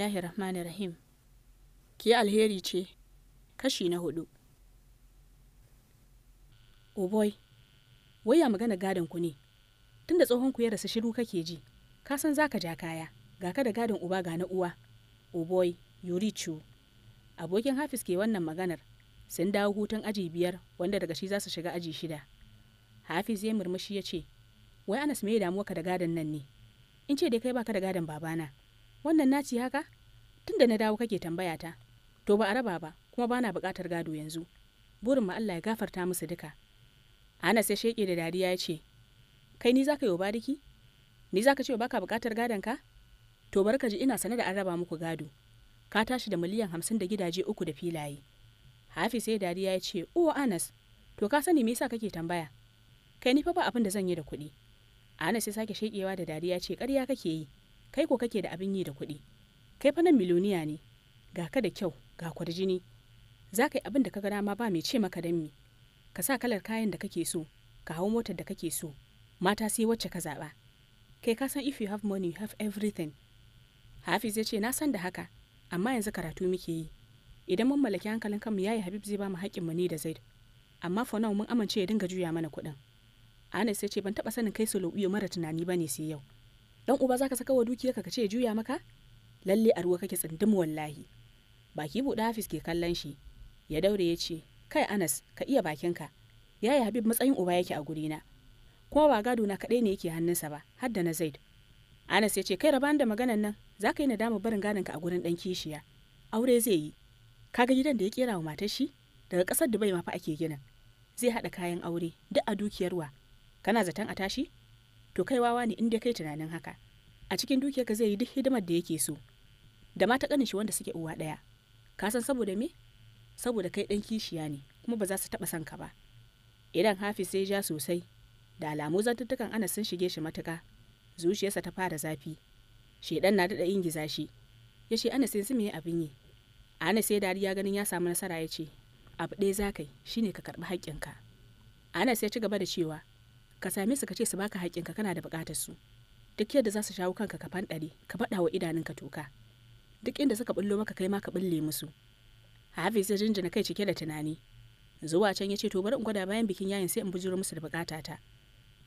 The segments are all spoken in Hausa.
bismillahi rahmanir rahim ki alheri ce kashi na hudu oboy oh waya magana gadon ku ne tunda tsohon ku ya rasa shiru kake ji ka san zaka ja kaya ga ka da gadon uba ga na uwa oboy oh yurichu abokin hafiz ke wannan maganar sun dawo hutun aji biyar wanda daga shi za su shiga aji shida hafiz ya murmushi ya ce wai anas me ya damuwa ka da gadon nan ne in ce dai kai baka da gadon babana wannan naci haka tun da na dawo kake tambaya ta to ba a raba ba kuma bana bukatar gado yanzu burin mu Allah ya gafarta musu duka Anas ya sheke da dariya ya ce kai ni zaka yi bariki ni zaka ce baka bukatar gadon ka to barka ji ina sane da an raba muku gado ka tashi da miliyan hamsin da gidaje uku da filaye Hafi sai dariya ya ce o Anas to ka sani me yasa kake tambaya kai ni fa ba abin da zan yi da kuɗi Anas ya sake shekewa da dariya ce ƙarya kake yi kai ko kake da abin yi da kuɗi kai fa nan miliyoniya ne ga ka da kyau ga jini. za ka yi abin da ka ga dama ba mai ce maka dan mi ka sa kalar kayan da kake so ka hau motar da kake so mata sai wacce ka zaɓa kai ka san if you have money you have everything hafiz ya ce na san da haka amma yanzu karatu muke yi idan mun mallaki hankalin kanmu yayi habib zai ba mu haƙƙin mu ni da zaid amma for now mun amince ya dinga juya mana kuɗin anas ya ce ban taɓa sanin kai solo mara tunani ba ne sai yau dan uba zaka saka wa dukiyarka ka ce juya maka lalle a ruwa kake tsindin wallahi baki buɗe hafis ke kallon shi ya daure ya ce kai anas ka iya bakinka yaya habib matsayin uba yake a gurina kuma ba gado na kaɗai ne yake hannunsa ba har da na zaid anas ya ce kai raban da maganan nan za ka yi nadama barin gadonka a gurin ɗan kishiya aure zai yi kaga gidan da ya kera wa matar shi daga ƙasar dubai ma fa ake ginin zai haɗa kayan aure duk a dukiyar kana zaton a tashi to kai wawa ne inda kai tunanin haka a cikin dukiyarka zai yi duk hidimar da yake so da mata kanin shi wanda suke uwa ɗaya ka san saboda me saboda kai ɗan kishiya ne kuma ba za su taɓa son ka ba idan hafi sai ja sosai da alamu zantuttukan ana sun shige shi matuka zuciyarsa ta fara zafi shedan na daɗa yin gizashi ya ce ana sai me abin yi ana sai dariya ganin ya samu nasara ya ce abu ɗaya za ka yi shine ka karɓi haƙƙinka ana sai ci gaba da cewa ka same su ka ce su baka haƙƙinka kana da buƙatar su duk yadda za su shawo kanka ka fanɗare ka faɗa wa idanunka toka duk inda suka bullo maka kai ma ka bulle musu hafiz ya jinjina kai cike da tunani zuwa can ya ce to bari in gwada bayan bikin yayin sai in bujuro musu da bukata ta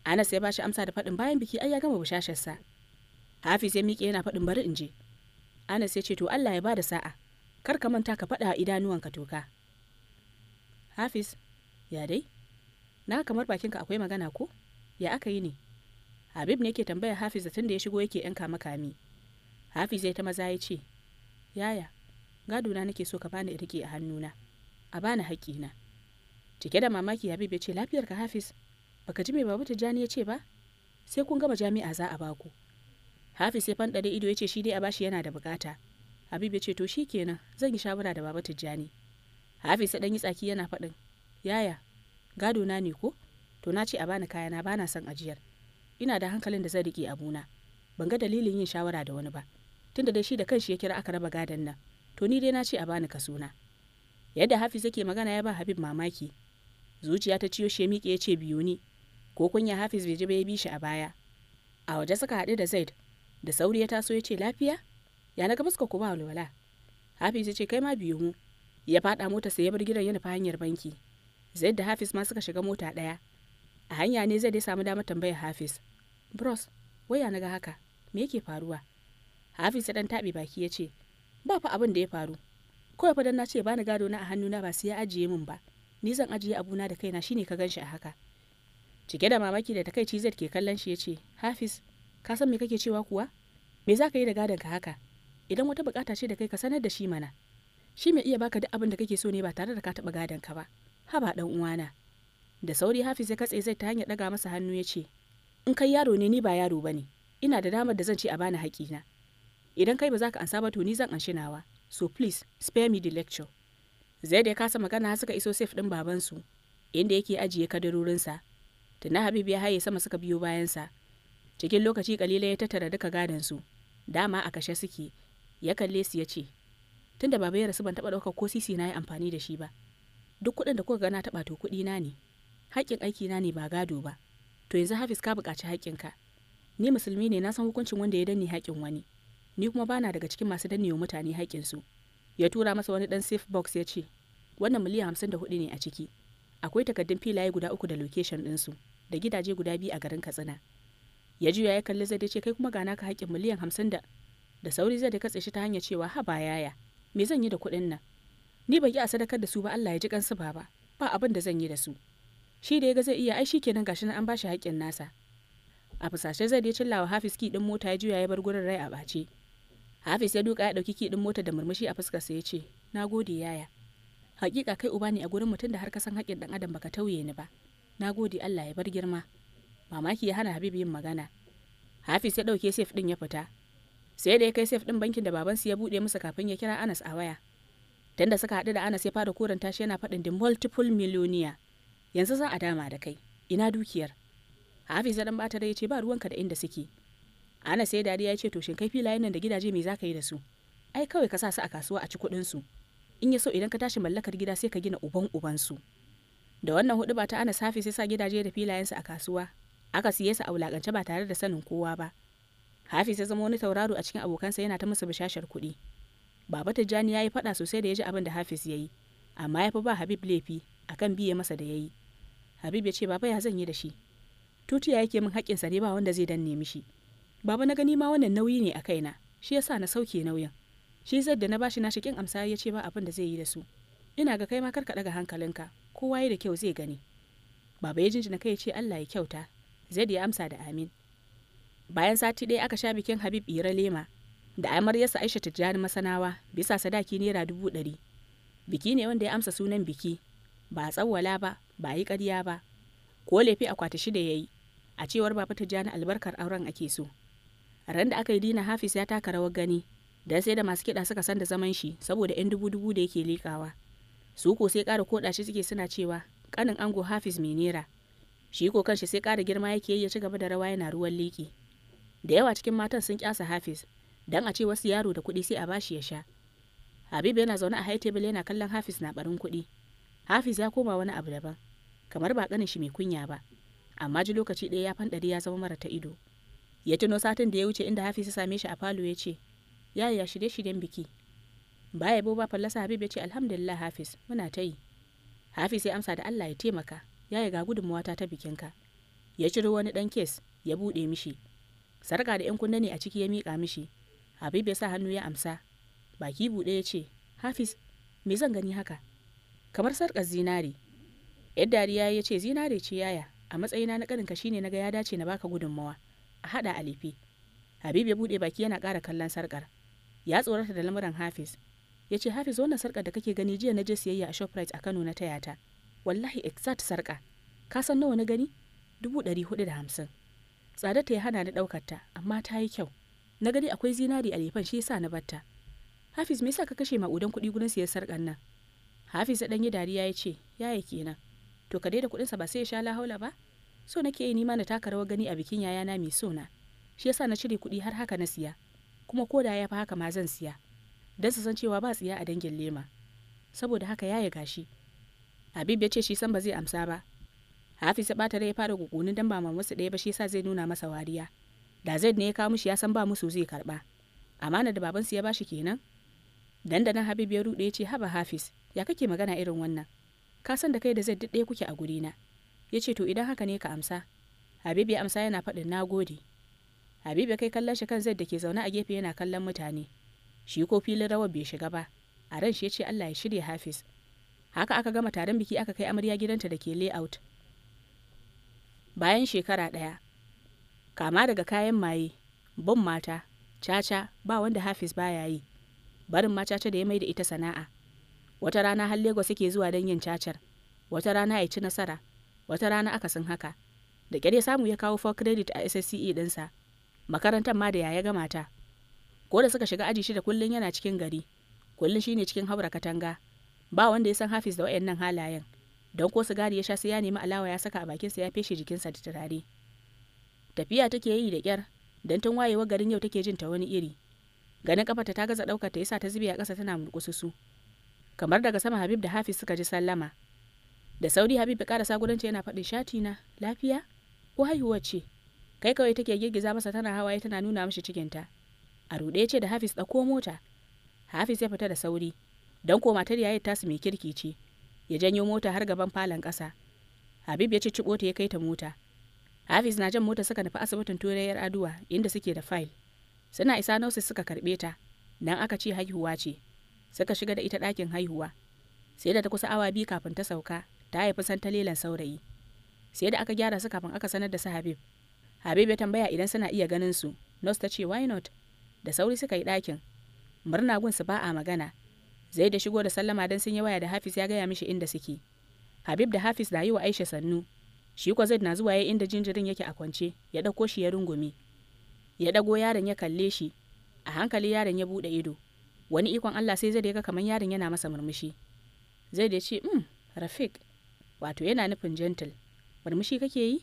anas ya bashi amsa da faɗin bayan biki ai ya gama sa hafiz ya miƙe yana faɗin bari in je anas ya ce to allah ya bada sa'a kar ka manta ka faɗa idanuwanka toka hafiz ya dai na kamar bakinka akwai magana ko ya aka yi ne habib ne ke tambaya hafiz tun da ya shigo yake yan kama kami hafiz ya ta maza ya ce yaya gadona nake so ka bani rike a hannuna a bani na cike da mamaki habib ya ce lafiyar ka hafiz baka ji mai babu tijjani ya ce ba sai kun gama jami'a za a baku hafiz ya fanɗare ido ya ce shi dai a bashi yana da bukata habib ya ce to shi shikenan zan yi shawara da babu tijjani hafiz ya ɗan yi tsaki yana faɗin yaya gadona ne ko to na ce a bani kayana bana son ajiyar ina da hankalin da zan riƙe abuna ban ga dalilin yin shawara da wani ba tunda da shi da kanshi ya kira aka raba gadon nan to ni dai na ce a bani ka suna yadda hafiz yake magana ya ba habib mamaki zuciya ta ciyo shi miƙe ya ce biyu ni ko kunya hafiz bai ji ba ya bi shi a baya a waje suka haɗu da zaid da sauri ya taso ya ce lafiya ya na gabas ka ku ba walwala hafiz ya ce kai ma biyu mu ya faɗa mota sai ya bar gidan ya hanyar banki zaid da hafiz ma suka shiga mota ɗaya a hanya ne zaid ya samu damar tambayar hafiz bros waya naga haka me yake faruwa Hafiz ya dan taɓe baki ya ce, ba fa abin da ya faru. Kawai fa dan na ce bani ni gado na a hannuna ba sai ya ajiye min ba. Ni zan ajiye abuna da kaina shine ka ganshi a haka. Cike da mamaki da takaici zai ke kallon shi ya ce, Hafiz, ka san me kake cewa kuwa? Me za ka yi da gadon ka haka? Idan wata bukata ce da kai ka sanar da shi mana. Shi mai iya baka duk abin da kake so ne ba tare da ka taɓa gadon ka ba. Haba dan uwana. Da sauri Hafiz ya katse zai ta hanyar daga masa hannu ya ce, In kai yaro ne ni ba yaro bane. Ina da damar da zan ce a bani haƙina. idan kai ba za ka ansa ba to ni zan anshi nawa so please spare me the lecture zai da ya kasa magana suka iso safe din babansu inda yake ajiye kadarorinsa tana Habibu ya haye sama suka biyo bayansa cikin lokaci kalila ya tattara duka gadansu dama a kashe suke ya kalle su ya ce tunda baba ya rasu ban taba ɗaukar ko sisi na yi amfani da shi ba duk kuɗin da kuka gana na taɓa to kuɗi na ne haƙƙin aiki na ne ba gado ba to yanzu hafiz ka buƙaci haƙƙinka ni musulmi ne na san hukuncin wanda ya danne haƙƙin wani ni kuma bana daga cikin masu wa mutane haƙƙinsu ya tura masa wani dan safe box ya ce wannan miliyan hamsin da hudu ne a ciki akwai takardun filaye guda uku da location su. da gidaje guda biyu a garin katsina ya juya ya kalli zai ce kai kuma gana ka haƙƙin miliyan hamsin da da sauri zai da katse shi ta hanyar cewa ha ba yaya me zan yi da kuɗin nan ni ban yi a sadakar da su ba Allah ya ji kansu ba ba ba abin da zan yi da su shi da ya ga zai iya ai kenan gashi nan an bashi haƙƙin nasa a fusashe zai da ya cillawa hafiski ɗin mota ya juya ya bar gurin rai a ɓace Hafiz ya duka ya dauki kidin mota da murmushi a fuskarsa ya ce, Nagode gode yaya." Hakika kai uba ne a gurin mutum da har ka san haƙƙin dan adam baka tauye ni ba. Nagode Allah ya bar girma. Mamaki ya hana Habibu yin magana. Hafiz ya dauke safe din ya fita. Sai da ya kai safe din bankin da babansu ya bude masa kafin ya kira Anas a waya. Tunda suka haɗu da Anas ya fara koranta shi yana faɗin the multiple millionaire. Yanzu za a dama da kai. Ina dukiyar? Hafiz ya dan bata da ya ce ba ruwanka da inda suke. ana sai dariya ya ce to shin kai filayen nan da gidaje me ka yi da su ai kawai ka sa su a kasuwa a ci kuɗin su in ya so idan ka tashi mallakar gida sai ka gina uban uban su da wannan hudu ba ta ana safi sai sa gidaje da filayen su a kasuwa aka siye su a wulakance ba tare da sanin kowa ba hafiz ya zama wani tauraro a cikin abokansa yana ta musu bishashar kuɗi baba tijjani ya yi faɗa sosai da ya ji abin da hafiz ya yi amma ya fi ba habib laifi akan biye masa da ya yi habib ya ce baba ya zan yi da shi tutiya yake min haƙƙinsa ne ba wanda zai danne mishi baba na gani ma wannan nauyi ne a kaina shi yasa na sauke nauyin shi zai da na bashi na shikin amsa ya ce ba abin da zai yi da su ina ga kai ma karka daga hankalinka kowa ya da kyau zai gani baba ya jinjina kai ya ce Allah ya kyauta Zai ya amsa da amin bayan sati ɗaya aka sha bikin habib ira lema da amaryarsa aisha tijjani masanawa bisa sadaki naira dubu ɗari biki ne wanda ya amsa sunan biki ba a tsawwala ba ba a yi ƙarya ba ko lefe akwati shida ya yi a cewar baba tijjani albarkar auren ake so a ran da aka yi dina hafiz ya taka rawar gani dan sai da masu kiɗa suka san da zaman shi saboda yan dubu dubu da yake likawa su ko sai ƙara koɗa shi suke suna cewa kanin ango hafiz mai nera shi ko kanshi sai ƙara girma yake yi ya ci gaba da rawa yana ruwan liki da yawa cikin matan sun kyasa hafiz dan a ce wasu yaro da kuɗi sai a bashi ya sha habibu yana zaune a high table yana kallon hafiz na barin kuɗi hafiz ya koma wani abu daban kamar ba kanin shi mai kunya ba amma ji lokaci ɗaya ya fanɗari ya zama mara ta ido ya tuno satin da ya wuce inda hafi ya same shi a falo ya ce ya ya shirye shiryen biki ba yabo ba fallasa habib ya ce alhamdulillah Hafis. muna ta yi hafiz ya amsa da allah ya taimaka ya ga gudunmawata ta bikinka ya ciro wani dan kes ya buɗe mishi sarka da yan kunne ne a ciki ya miƙa mishi habib ya sa hannu ya amsa baki buɗe ya ce hafiz me zan gani haka kamar sarƙar zinare yar dariya ya ce zinare ce yaya a matsayina na karinka shine ga ya dace na baka gudunmawa a haɗa a lefe habib ya buɗe baki yana kara kallon sarƙar ya tsorata da lamuran hafiz ya ce hafiz wannan sarƙar da kake gani jiya na je siyayya a shoprite a kano na taya ta wallahi exact sarka ka san nawa na gani dubu ɗari hudu da hamsin tsadar ta ya hana ni ɗaukar ta amma ta yi kyau na gani akwai zinari a lefan shi yasa na batta hafiz me yasa ka kashe ma'udan kuɗi gurin siyan sarƙar nan hafiz ya yi dariya ya ce yaya kenan to ka daida kuɗinsa ba sai ya sha lahaula ba so nake yi nima na taka rawar gani a bikin yayana mai sona shi yasa na cire kuɗi har haka na siya kuma ko da ya fi haka ma zan siya don su san cewa ba tsiya a dangin lema saboda haka ya yi gashi. habib ya ce shi san ba zai amsa ba hafi sa bata rai ya fara gugunin dan ba mamarsa ɗaya ba shi yasa zai nuna masa wariya da zai ne ya kawo mishi ya san ba musu zai karɓa amana da babansu ya bashi kenan dandanan habib ya ruɗe ya ce haba hafiz ya kake magana irin wannan ka san da kai da zaid duk ɗaya kuke a guri na ya ce to idan haka ne ka amsa habib ya amsa yana faɗin na gode habib ya kai kallon shi kan zai da ke zaune a gefe yana kallon mutane shi ko filin rawar bai shiga ba a ran shi ya ce allah ya shirya hafiz haka aka gama taron biki aka kai amarya gidanta da ke layout bayan shekara ɗaya kama daga kayan maye bin mata caca ba wanda hafiz baya yi barin ma caca da ya mai da ita sana'a wata rana har lagos yake zuwa don yin cacar wata rana ya ci nasara wata rana aka sun haka da kyar ya samu ya kawo for credit a SSCE ɗinsa makarantar ma da yaya gama ta ko da suka shiga aji shi da kullum yana cikin gari kullum ne cikin haura katanga ba wanda ya san hafiz da wayannan halayen don ko sigari ya sha sai ya nemi alawa ya saka a bakin sa ya feshe sa da turare tafiya take yi da kyar dan tun wayewa garin yau take jin ta wani iri ganin kafarta ta gaza daukar ta yasa ta zube a kasa tana murkususu kamar daga sama habib da hafiz suka ji sallama da sauri habib ya karasa gudanci yana faɗin shati na lafiya ko haihuwa ce kai kawai take girgiza masa tana hawaye tana nuna mishi cikinta a ya ce da hafiz ɗauko mota hafiz ya fita da sauri don ko matar yayi tasu mai kirki ce ya janyo mota har gaban falon ƙasa habib ya ci ta ya kai ta mota hafiz na jan mota suka nufi asibitin turayyar aduwa inda suke da fayil suna isa nausi suka karɓe ta nan aka ce haihuwa ce suka shiga da ita ɗakin haihuwa sai da ta kusa awa biyu kafin ta sauka ta haifi santalila saurayi sai da aka gyara su kafin aka sanar da su habib habib ya tambaya idan suna iya ganin su nos ta ce why not da sauri suka yi ɗakin murna gun su ba a magana zai da shigo da sallama don sun yi waya da hafiz ya gaya mishi inda suke habib da hafiz da yi wa aisha sannu shi ko zai na zuwa ya inda jinjirin yake a kwance ya ɗauko shi ya rungume ya ɗago yaron ya kalle shi a hankali yaron ya buɗe ido wani ikon allah sai zai da ga kamar yaron yana masa murmushi zai da ya ce um hmm, rafik wato yana nufin gentle murmushi kake yi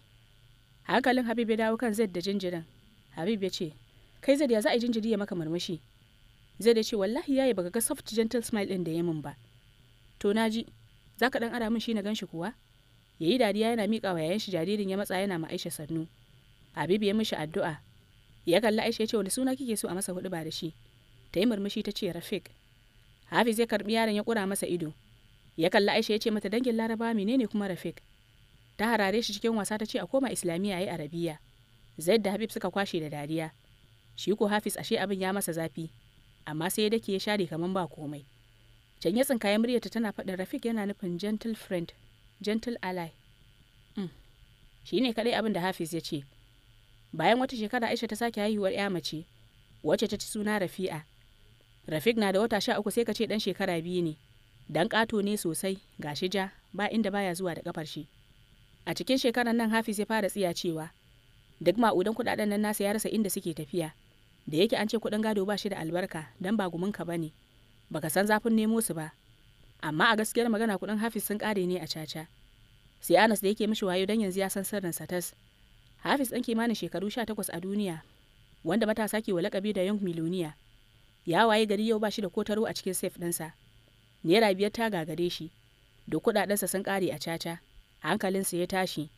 hankalin habib ya dawo kan zai da jinjirin habib ya ce kai zai ya za a jinjiri ya maka murmushi zai da ce wallahi yayi baka ga soft gentle smile din da ya min ba to na ji za ka dan ara min shi na shi kuwa Ya yi dariya yana miƙa wa yayan shi jaririn ya matsa yana ma Aisha sannu habib ya mishi addu'a ya kalli Aisha ya ce wani suna kike so a masa hudu ba da shi ta yi murmushi ta ce Rafiq Hafiz ya karbi yaron ya kura masa ido ya kalli aisha ya ce mata dangin laraba menene kuma rafik ta harare shi cikin wasa ta ce a koma islamiyya yi arabiya zaid da habib suka kwashe da dariya shi ko hafiz ashe abin ya masa zafi amma sai ya dake ya share kaman ba komai can ya tsinkaye muryarta tana faɗin rafik yana nufin gentle friend gentle ally mm. shi ne kaɗai abin da hafiz ya ce bayan wata shekara aisha ta sake haihuwar ya mace wacce ta ci suna rafi'a rafik na da wata sha uku sai ka ce ɗan shekara biyu ne dan ƙato ne sosai gashi ja ba inda baya zuwa da kafar shi a cikin shekarar nan hafiz ya fara tsiya cewa duk ma'udan kudaden nan nasa ya rasa inda suke tafiya da yake an ce kudin gado ba shi da albarka dan ba guminka bane baka san zafin nemo su ba amma a gaskiyar magana kudin hafiz sun kare ne a caca sai anas da yake mishi wayo dan yanzu ya san sirrin sa tas hafiz ɗan kimanin shekaru 18 a duniya wanda matasa ke wa lakabi da young miloniya ya waye gari yau ba shi da kotaro a cikin safe ɗinsa naira biyar ta gagare shi da kuɗaɗensa sun kare a caca a hankalinsa ya tashi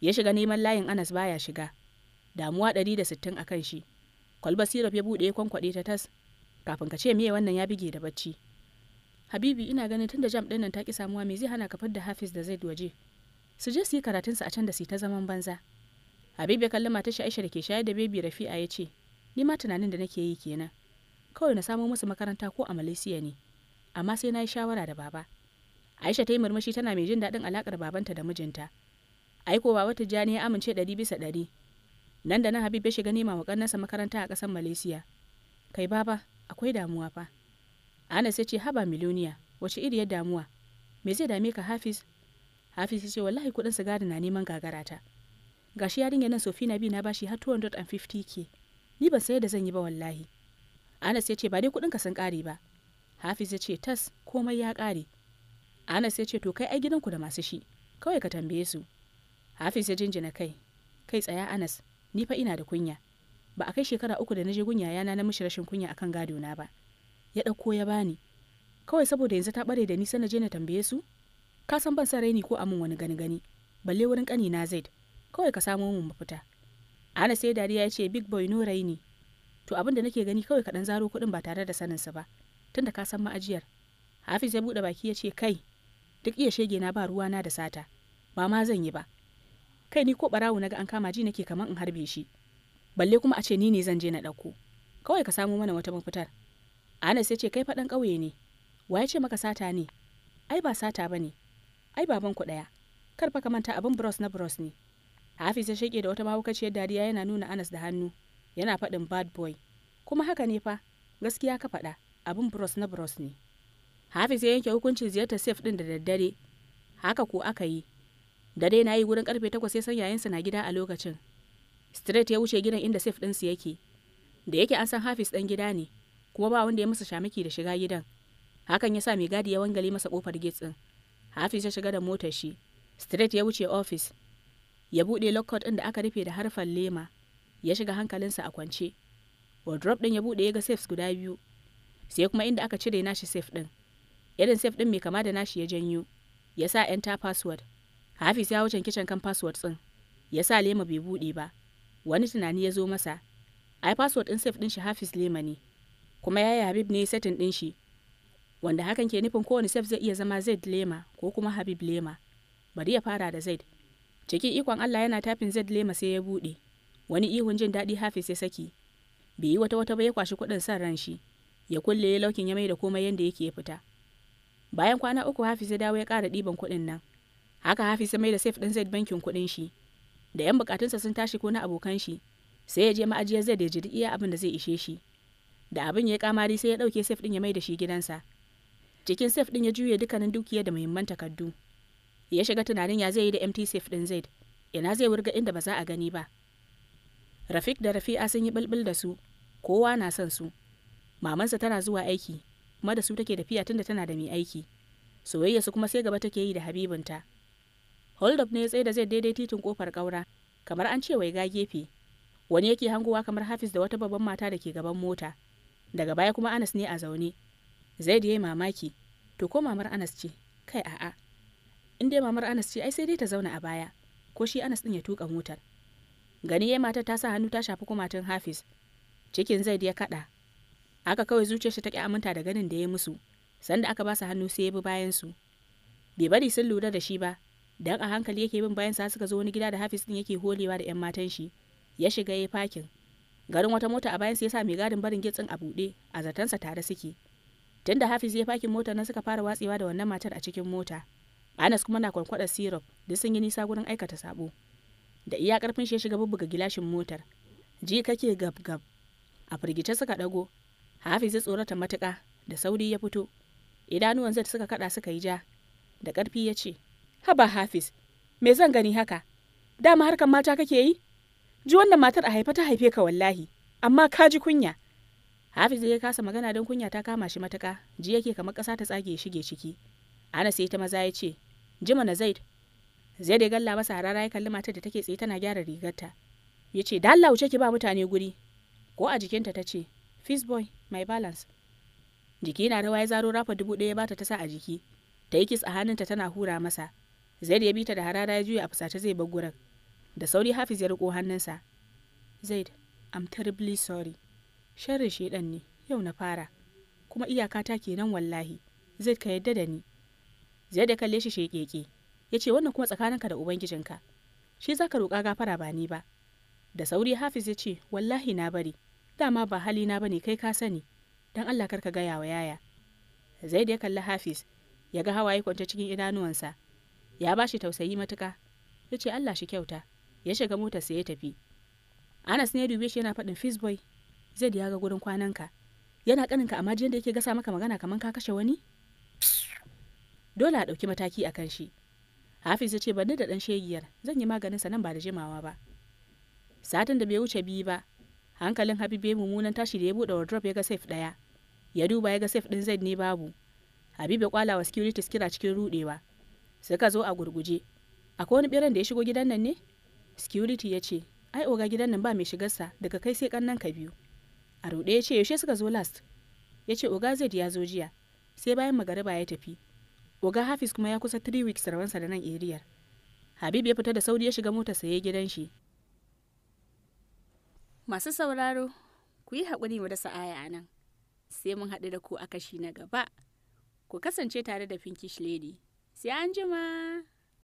ya shiga neman layin anas baya shiga damuwa ɗari da sittin a kan shi kwalba sirop ya buɗe ya kwankwaɗe ta tas kafin ka ce me wannan ya bige da bacci habibi ina ganin tunda jam ɗin nan ta ki samuwa me zai hana ka fidda hafiz da zaid waje su je su yi karatunsa a can da su ta zaman banza habibi ya kalli matar shi aisha da ke shayar da bebi rafi'a ya ce ni ma tunanin da nake yi kenan kawai na samo musu makaranta ko a malaysiya ne amma sai na yi shawara da baba aisha ta yi murmushi tana mai jin daɗin alaƙar babanta da mijinta aiko baba tijjani ya amince ɗari bisa ɗari nan da nan habib ya shiga nema wa ƙannansa makaranta a ƙasar malaysia kai baba akwai damuwa fa anas ya ce haba miloniya wace iriyar damuwa me zai dame ka hafiz hafiz ya ce wallahi kuɗin sigari na neman gagarata gashi yarinyar nan na bi na bashi har 250 ke ni ban sayar da zan yi ba wallahi anas ya ce ba dai kuɗinka sun ƙare ba hafiz ya ce tas komai ya ƙare anas ya ce to kai ai gidanku da masu shi kawai ka tambaye su hafiz ya jinjina kai kai tsaya anas ni fa ina da kunya ba a kai shekara uku da na je gunya yana na mishi rashin kunya akan gado na ba ya ɗauko ya bani kawai saboda yanzu ta bare da ni na je na tambaye su ka san ban sa raini ko amin wani gani gani balle wurin ƙani na zaid kawai ka samo min mafita Anas sai dariya ya ce big boy no raini to abin da nake gani kawai kaɗan zaro kuɗin ba tare da saninsa ba tunda ka san ma'ajiyar hafiz ya buɗe baki ya ce kai duk iya shege na ba ruwana da sata ba ma zan yi ba kai ni ko barawo naga ga an kama ji nake kaman in harbe shi balle kuma a ce ni ne zan je na ɗauko kawai ka samo mana wata mafitar anas ya ce kai faɗan ƙauye ne wa ya ce maka sata ne ai ba sata ba ne ai baban ku ɗaya kar fa ka manta abin bros na bros ne hafiz ya shege da wata mahaukaciyar dariya yana nuna anas da hannu yana faɗin bad boy kuma haka ne fa gaskiya ka faɗa abin bros na bros ne hafiz ya yanke hukuncin ziyartar sef din da daddare haka ko aka yi da dai na yi wurin karfe takwas sai san yayansa na gida a lokacin straight ya wuce gidan inda sef ɗinsu yake da yake an san hafiz ɗan gida ne kuma ba wanda ya masa shamaki da shiga gidan hakan ya sa mai gadi ya wangale masa kofar gate ɗin hafiz ya shiga da motar shi straight ya wuce office ya buɗe lockout ɗin da aka rufe da harfan lema ya shiga hankalinsa a kwance wardrobe ɗin ya buɗe ya ga safes guda biyu sai kuma inda aka cire nashi safe din irin safe din mai kama da nashi ya janyo ya sa enter password hafiz ya wuce kicin kan password din ya sa lema bai bude ba wani tunani ya zo masa ai password din safe din shi hafiz lema ne kuma ya yi habib ne setting din shi wanda hakan ke nufin kowane safe zai iya zama zaid lema ko kuma habib lema bari ya fara da zaid cikin ikon allah yana tafin zaid lema sai ya bude wani ihun jin daɗi hafiz ya saki bai yi wata wata ba ya kwashi kuɗin son ran shi ya kulle laukin ya mai da komai yadda yake ya fita bayan kwana uku Hafisa ya dawo ya ƙara ɗiban kuɗin nan haka Hafisa ya mai da safe ɗin zai bankin kuɗin shi da yan bukatunsa sun tashi ko na abokan shi sai ya je ma'ajiyar zai da jiri iya abin da zai ishe shi da abin ya yi kamari sai ya ɗauke safe ɗin ya mai da shi gidansa cikin safe ɗin ya juye dukkanin dukiya da muhimman takardu ya shiga tunanin ya zai yi da mt safe ɗin zaid ina zai wurga inda ba za a gani ba rafik da rafi'a sun yi bulbul da su kowa na son su mamansa tana zuwa aiki kuma da su take tafiya tunda tana da mai aiki soyayya su kuma sai gaba take yi da habibinta hold ne ya tsaye da zai daidai titin kofar kaura kamar an ce wai ga gefe wani yake hangowa kamar hafiz da wata babban mata da ke gaban mota daga baya kuma anas ne a zaune zaid yayi mamaki to ko mamar anas ce kai a'a in dai mamar anas ce ai sai dai ta zauna a baya ko shi anas din ya tuka motar gani yayi matar ta sa hannu ta shafi kumatun hafiz cikin zaid ya kaɗa. haka kawai zuciyarsa ta ƙi aminta da ganin da ya musu sanda aka ba su hannu sai ya bi bayansu. bai bari sun lura da shi ba dan a hankali yake bin bayan sa suka zo wani gida da Hafiz din yake holewa da 'yan matan shi ya shiga yayi fakin garin wata mota a bayan sa yasa mai gadin barin gitsin a buɗe a sa tare suke tunda Hafiz ya fakin motar nan suka fara watsewa da wannan matar a cikin mota Anas kuma na kwankwada syrup duk sun yi nisa gurin aikata sabo da iya karfin shi ya shiga bubbuga gilashin motar ji kake gab a firgice suka dago hafiz ya tsorata matuƙa da sauri ya fito idanuwan zai suka kada suka yi ja da ƙarfi ya ce haba hafiz me zan gani haka dama harkar mata kake yi ji wannan matar a haifa ta haife ka wallahi amma ka ji kunya hafiz ya kasa magana don kunya ta kama shi matuƙa ji yake kamar ƙasa ta tsage shige ciki ana sai ta maza ya ce jima na zaid zai da galla masa harara ya kalli matar da take tsaye tana gyara rigarta ya ce da Allah wuce ki ba mutane guri ko a jikinta ta ce boy, my balance. Jiki na rawa ya zaro rafa dubu ɗaya bata ta sa a jiki. Ta yi kis a hannunta tana hura masa. Zaid ya bi ta da harara ya juya a fusace zai bar gurin. Da sauri Hafiz ya riko hannunsa. Zaid, I'm terribly sorry. Sharrin shedan ne, yau na fara. Kuma iyakata kenan wallahi. Zaid ka yadda da ni. Zaid ya kalle shi sheƙeƙe Ya ce wannan kuma tsakaninka da ubangijinka. Shi zaka roƙa gafara ba ni ba. Da sauri Hafiz ya ce, wallahi na bari. dama ba halina ne kai ka sani don Allah karka gaya wa yaya zaid ya kalli hafiz ya ga hawaye kwanta cikin idanuwansa ya ba shi tausayi matuka ya ce Allah shi kyauta ya shiga motar sa ya tafi Anas ne dube shi yana faɗin Fizboy Zaid ya ga gurin kwananka yana kaninka amma jiyan da yake gasa maka magana kamar ka kashe wani dole a ɗauki mataki a kan shi Hafiz ya ce ban da ɗan shegiyar zan yi maganin sa nan ba da jimawa ba satin da bai wuce biyu ba hankalin habib ya mummunan tashi da ya buɗe wardrobe ya ga safe ɗaya ya duba ya ga safe ɗin zaid ne babu habib ya kwala wa security kira cikin ruɗewa suka zo a gurguje akwai wani biran da ya shigo gidan nan ne security ya ce ai oga gidan nan ba mai shigarsa daga kai sai kannan ka biyu a ruɗe ya ce yaushe suka zo last ya ce oga zaid ya zo jiya sai bayan magariba ya tafi oga hafiz kuma ya kusa 3 weeks rawansa da nan eriyar habib ya fita da sauri ya shiga mota saye gidan shi Masu sauraro, ku yi haƙuri mu dasa aya a nan, sai mun haɗu da ku a kashi na gaba. Ku kasance tare da Pinkish Lady. Sai an jima!